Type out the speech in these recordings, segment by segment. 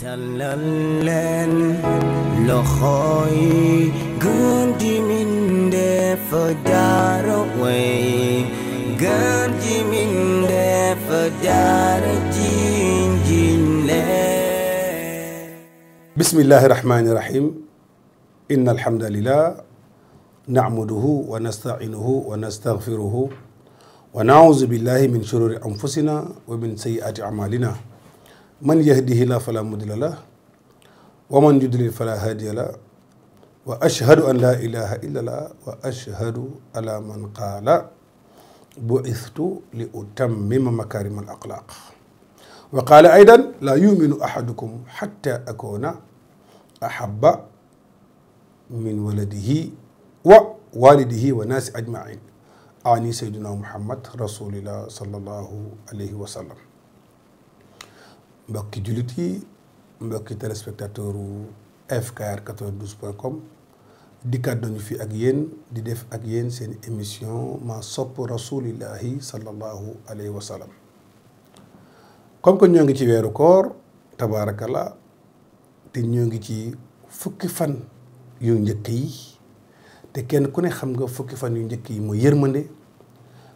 tàllal leen loxo yi gën di mindeef daara way gën di mindeef daara ji njiñ leen bismillahi rahmani rahim إن الحمد لله نعمده ونستعينه ونستغفره ونعوذ بالله من شرور أنفسنا ومن سيئات man yahdihi la fala mudilla la wa man yudlil fala hadiya la wa ashhadu an laa ilaha illa allah wa ashhadu ala man qaala buistu li utammima makarima al axlaaq wa qaala aydan laa yuminu ahadukum xatta akoona ahaba min waladihi wa walidihi wa naasi ajmain ani sayduna muhammad rasulillah sallallahu alayhi wa sallam mbokki jullit yi mbokki téléspectateur u fkr 92 point com dikkaat nañu fi ak yéen di def ak yéen seen émission ma sopp rasulillahi sallallahu alayhi wa sallam comme que ñoo ngi ci weeru koor tabaarakalla te ñoo ngi ci fukki fan yu njëkk yi te kenn ku ne xam nga fukki fan yu njëkk yi mooy yërmande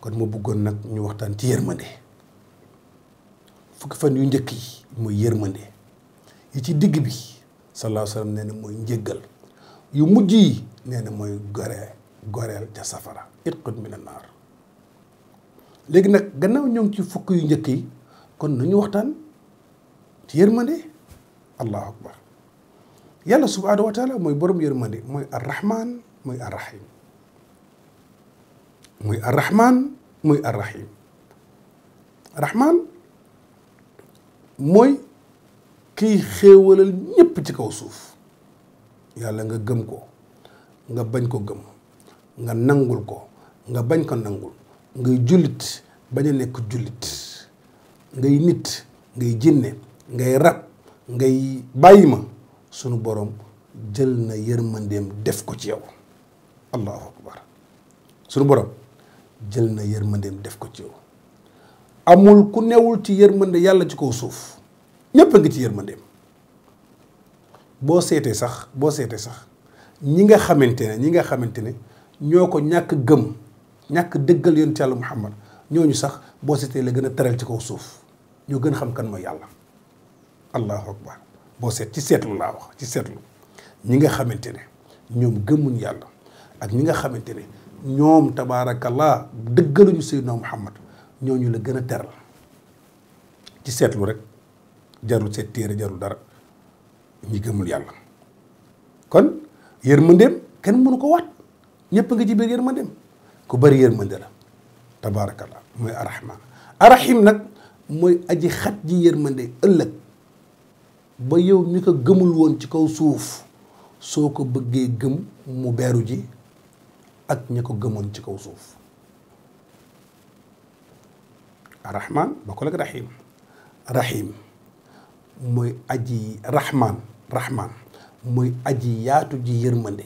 kon ma buggoon nag ñu waxtaan ci yërmande fukki fan yu njëkk yi mooy yërmande yi ci digg bi sallallahu alayhi wa mooy njëggal yu mujj yi nee mooy goree goreel ca safara itqud mina naar léegi nag gannaaw ñoom ci fukk yu njëkk yi kon nañu waxtaan ci yërmande allahu akbar yàlla subhanahu wa taala mooy borom yërmande mooy arrahman mooy arrahim muy arrahman muy arrahim rahman mooy kiy xéewalal ñépp ci kaw suuf yàlla nga gëm ko nga bañ ko gëm nga nangul ko nga bañ ko nangul ngay jullit bañ a nekk jullit ngay nit ngay jinne ngay rab ngay bàyyi ma sunu borom jël na yërmandeem def ko ci yow allahu akbar sunu borom jël na yërmandeem def ko ci yow amul ku newul ci yërmande yàlla ci kaw suuf ñëpp a ngi ci yërmandeem boo seetee sax boo seetee sax ñi nga xamante ne ñi nga xamante ne ñoo ko ñàkk gëm ñàkk dëggal yonent yàlla Muhammad ñooñu sax boo seetee la gën a teral kaw suuf ñoo gën xam kan mooy yàlla allahu boo seet ci seetlu laa wax ci seetlu ñi nga xamante ne ñoom gëmuñ yàlla ak ñi nga xamante ne ñoom tabaarakallah dëggaluñu sayyidina Muhammad ñooñu la gën a teral ci seetlu rek jarul seet téere jarul dara ñi gëmul yàlla kon yërmandeem kenn mënu ko waat ñëpp nga ci biir yërmandeem ku bëri yërmande la tabaarakallah mooy arrahman arrahim nag mooy aji xat ji yërmande ëllëg ba yow mi ko gëmul woon ci kaw suuf soo ko bëggee gëm mu beeru ji ak ña ko gëmoon ci kaw suuf rahman bokkul ak rahim rahim mooy aji muy aji yaatu ji yërmande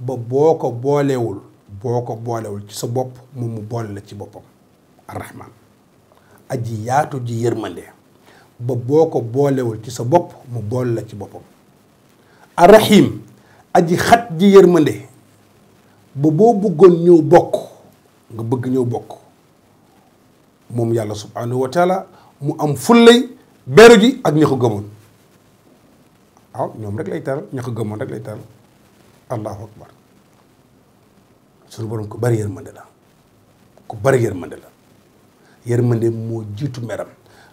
ba boo ko boolewul ci sa bopp moom mu boole la ci boppam arrahman aji yaatu ji yërmande ba boo ko boolewul ci sa bopp mu boole la ci boppam araxiim aji xat ji yërmande ba boo bëggoon ñëw bokk nga bëgg ñëw bokk moom yàlla subhanahu wa taala mu am fullay beeru ji ak ña ko gëmoon waaw ñoom rek lay taral ña ko gëmoon rek lay taral allahu akbar suñu borom ko bari yërmande la ku bari yërmande la yërmande moo jiitu meram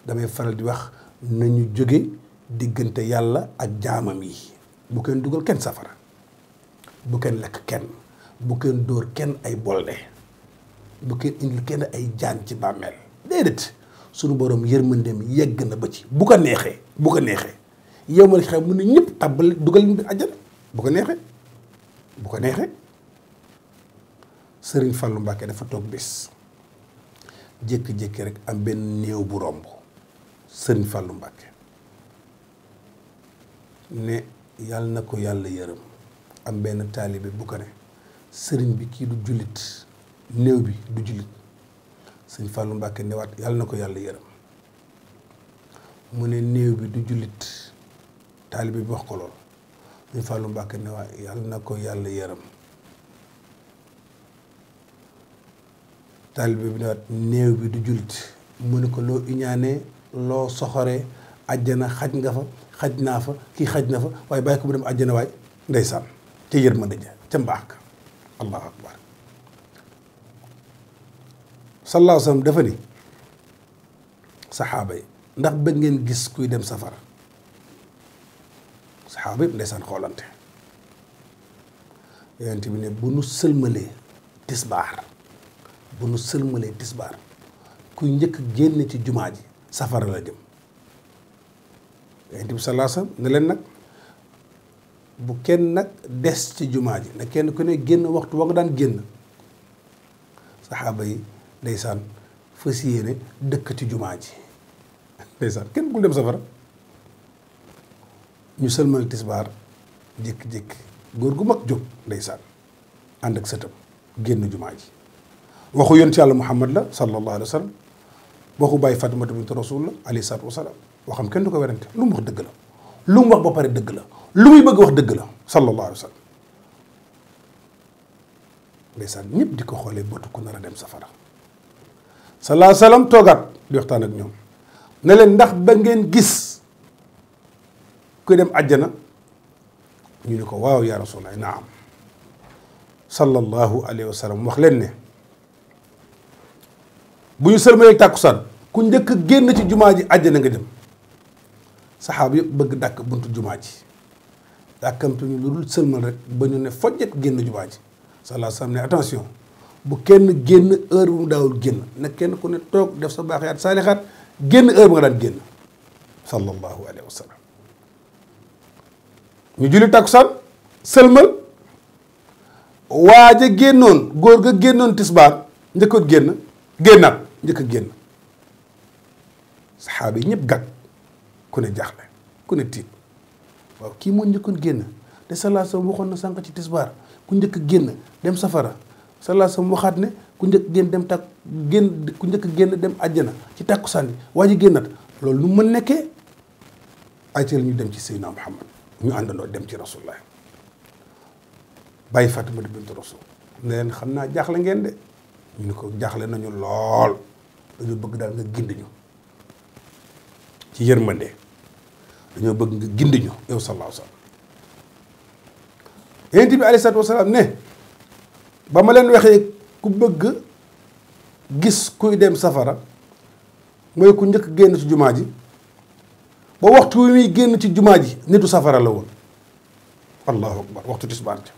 damay faral di wax nañu jóge diggante yàlla ak jaamam yi bu kenn dugal kenn safara bu kenn lekk kenn bu kenn dóor kenn ay bolde bu kenn indil kenn ay jaan ci bàmmeel déedéet sunu borom yërmandeem yegg na ba ci bu ko neexee bu ko neexee yow ma xam mu ne ñëpp tàbbal dugal leen àjjana bu ko neexee bu ko neexee sëriñ Fallou Mbacké dafa toog bés jékki-jékki rek am benn néew bu romb Serigne Fallou Mbacké ne yàlla na ko yàlla yërëm am benn taalibe bu ko ne sëriñ bi kii du jullit néew bi du jullit. sëñ Fallou Mbacke newaat yàlla na ko yàlla yërëm mu ne new bi du jullit taalibe bi wax ko lool sëñ Fallou Mbacke newaat yàlla na ko yàlla yërëm taalibe bi newaat néew bi du jullit mu ne ko loo iñaanee loo soxoree àjjana xaj nga fa xaj naa fa kii xaj na fa waaye bàyyi ko mu dem àjjana waay ndeysaan ca yërmande ja ca mbaax allahu akbar sallallahu alayhi wa dafa ni saxaaba yi ndax bëgg ngeen gis kuy dem safara saxaaba yi ndeysaan xoolante yonent bi ne bu nu sëlmalee tisbaar bu nu sëlmalee tisbaar kuy njëkk génn ci jumaa ji safara la jëm yonent bi sallallahu alayhi wa nag bu kenn nag des ci jumaa ji ne kenn ku ne génn waxtu waa nga daan génn saxaaba yi ndeysaan fa yéene dëkk ci jumaa ji ndeysaan kenn bul dem safara ñu sëlmal tisbaar jékki-jékki góor gu mag jóg ndeysaan ànd ak sëtam génn jumaa ji waxu yonent yàlla muhammad la sallallahu alayhi wa sallam waxu bàyyi fatimatu bintu rasul la alayhi salaatu wasalaam waxam kenn du ko werante lu mu wax dëgg la lu mu wax ba pare dëgg la lu muy bëgg wax dëgg la sallallahu alayhi wa sallam ndeysaan ñëpp di ko xoolee bëtu ku nar a dem safara salaa salaam toogaat di waxtaan ak ñoom ne leen ndax da ngeen gis kuy dem àjjana ñu ni ko waaw yaa rasulallah naa sallallahu alayhi wa sallam wax leen ne bu ñu sërmalee tàkkusaan ku njëkk génn ci jumaa ji àjjana nga dem saxaaba yëpp bëgg dàkk buntu jumaa ji dàkkamtu lu dul sërmal rek ba ñu ne fojjet génn jumaa ji salaa salaam ne attention bu kenn génn heure bu mu daawul génn na kenn ku ne toog def sa at saalixaat génn heure bu nga daan génn sallallahu alayhi wa sallam ñu julli takkusaan sëlmal waaja génnoon góor ga génnoon tisbaar njëkkoot génn génnaat njëkk génn saxaaba yi ñépp gàgg ku ne jaaxle ku ne tiit waaw kii moo njëkkoon génn te salaa waxoon na sànq ci tisbaar ku njëkk génn dem safara sallallahu alayhi waxaat ne ku njëkk génn dem tàkk génn ku njëkk génn dem àjjana ci tàkkusaan bi waa ji génnat loolu nu mën nekkee ay teel ñu dem ci Seydina Muhammad ñu àndandoo dem ci rasulullah bàyyi Fatima bint rasul ne xam naa jaaxle ngeen de ñu ne ko jaaxle nañu lool dañoo bëgg daal nga gindi ñu ci yërmande dañoo bëgg nga gindi ñu yow sallallahu alayhi wasallam salaatu wasalaam ne ba ma leen waxee ku bëgg gis kuy dem safara mooy ku njëkk génn ci jumaa ji ba waxtu wi muy génn ci jumaa ji nitu safara la woon allahu akbar waxtu tisbaar ja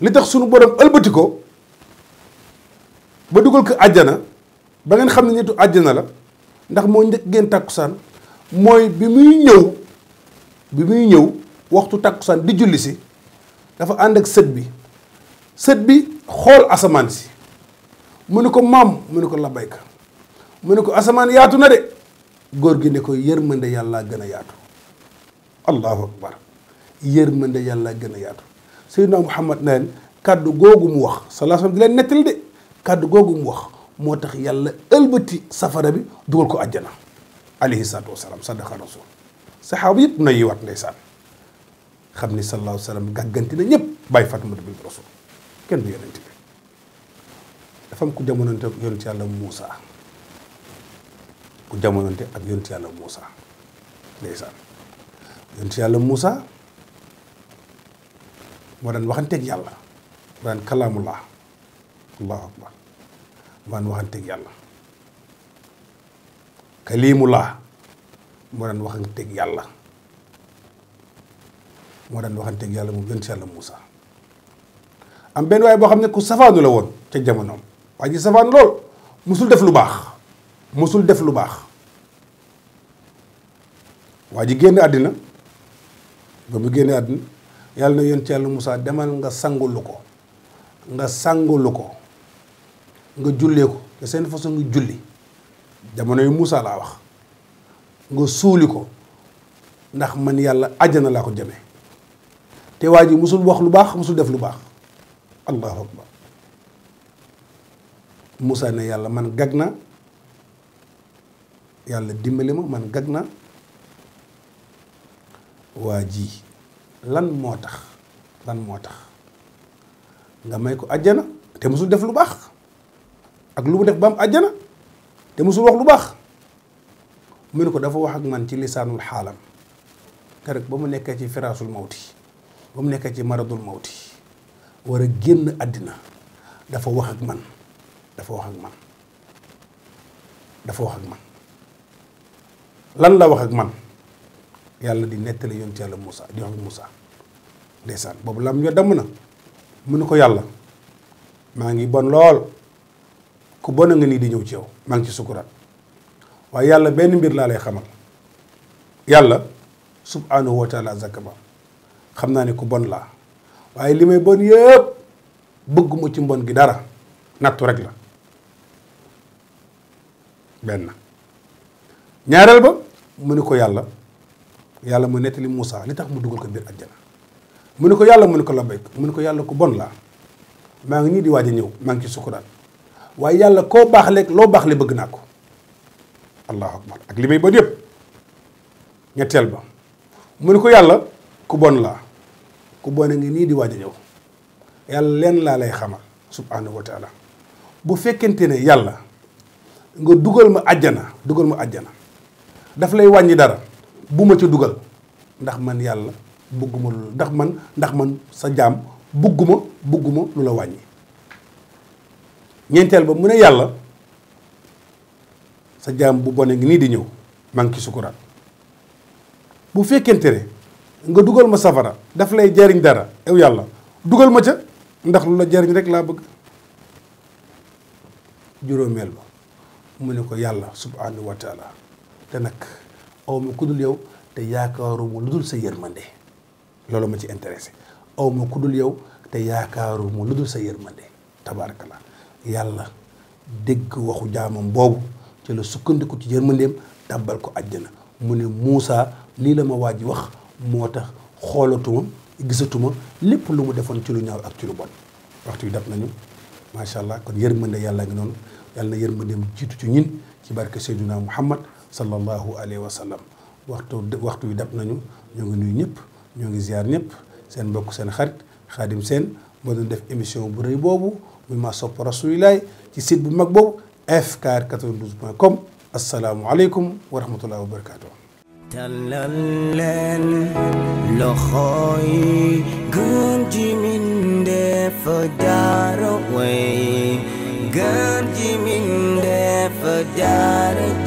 li tax sunu borom ëlbati ko ba dugal ko àjjana ba ngeen xam ne nitu àjjana la ndax moo njëkk génn tàkkusaan mooy bi muy ñëw bi muy ñëw waxtu takkusaan di julli si dafa ànd ak sët bi sët bi xool asamaan si mu ne ko maam mu ne ko labayka mu ne ko asamaan yaatu na de góor gi ne ko yërmande yàlla gën a yaatu allahu akbar yërmande yàlla gën a yaatu sayyidina muhammad na leen kàddu googu mu wax sallallahu alayhi wasallam di leen nettali de kàddu googu mu wax moo tax yàlla ëlbati safara bi dugal ko àjjana alayhi salaatu wasalaam sadaqa rasul saxaaba yëpp na yiwaat ndeysaan xam ni sallallahu alayhi wa sallam gàgganti na ñëpp bàyyi Fatimatu bint Rasul kenn du yonent bi dafa am ku jamonante ak yonent yàlla Moussa ku jamonante ak yonent yàlla Moussa ndeysaan yàlla Moussa moo daan waxanteeg yàlla moo daan kalaamullah allahu akbar moo daan waxanteeg yàlla kaliimullah moo daan waxanteeg yàlla moo daan waxanteeg yàlla moom yonent yàlla Moussa am benn waaye boo xam ne ku safaanu la woon ca jamonoom waa ji safaanu lool mosul def lu baax mosul def lu baax waa ji génn àddina ba mu génn àddina yàlla na yonent yàlla Moussa demal nga sangulu ko nga sangulu ko nga jullee ko te seen façon nga julli jamono yi muusa laa wax nga suuli ko ndax man yàlla àjjana laa ko jëmee te waa ji musul wax lu baax musul def lu baax allahu akbar Moussa yàlla man gag na yàlla dimbali ma man gag na waa jii lan moo tax lan moo tax nga may ko àjjana te musul def lu baax ak lu mu def ba am àjjana te musul wax lu baax mu ne ko dafa wax ak man ci lisaanul xaalam te rek mu nekkee ci firaasul mawti ba mu nekkee ci maradul mawti war a génn àddina dafa wax ak man dafa wax ak man dafa wax lan la wax ak man yàlla di nettali yoon ci yàlla Moussa di wax ak Moussa ndeysaan boobu lam yo damm na mu ne ko yàlla maa ngi bon lool ku bon nga nii di ñëw ci yow maa ngi ci sukuraat waaye yàlla benn mbir laa lay xamal yàlla subhanahu wa taala zakama xam naa ne ku bon laa waaye li may bon yëpp bëgguma ci mbon gi dara nattu rek la benn ñaareel ba mu ni ko yàlla yàlla mu nettali Moussa li tax mu dugal ko biir àjjana mu ni ko yàlla mu ni ko labbayk mu ni ko yàlla ku bon laa maa ngi nii di waaj a ñëw maa ngi ci sukuraat waaye yàlla koo baax leeg loo baax le bëgg naa ko allahu akbar ak li may bon yëpp ñetteel ba mu ni ko yàlla ku bon laa ku bon a ngi nii di waaj a ñëw yàlla leen laa lay xamal subhanahu wa taala bu fekkente ne yàlla nga dugal ma àjjana dugal ma àjjana daf lay wàññi dara bu ma ci dugal ndax man yàlla bugguma lu ndax man ndax man sa jaam bugguma bugguma lu la wàññi ñeenteel ba mu ne yàlla sa jaam bu bone ngi nii di ñëw man ngi ci sukuraat bu fekkente ne nga dugal ma safara daf lay jariñ dara ew yàlla dugal ma ca ndax lu la jariñ rek laa bëgg juróomeel ba mu ne ko yàlla subhanahu wa taala te nag awma ma yow te yaakaaruma lu dul sa loolu ma ci intéressé aw ma ku dul yow te yaakaaruma lu dul sa yërmande tabaarakallah yàlla dégg waxu jaamam boobu ci la sukkandiku ci yërmandeem tàbbal ko àjjana mu ne Moussa lii la ma waa ji wax moo tax xoolatuma gisatuma lépp lu mu defoon ci lu ñaaw ak ci lu bon waxtu bi dab nañu macha allah kon yërmande yàlla ngi noonu yàlla na yërmandeem jiitu ci ñin ci barke Seydina Muhammad sallallahu alayhi wa sallam waxtu waxtu bi dab nañu ñoo ngi nuyu ñëpp ñoo ngi ziar ñëpp seen mbokk seen xarit xaadim seen moo doon def émission bu rëy boobu muy ma sopp rasulilaay ci site bu mag boobu fkr 92 point com asalaamualeykum wa rahmatullahi wa barakatuh tàllal leen loxo yi gën ji mindeef jaara way gën ji mindeef jaara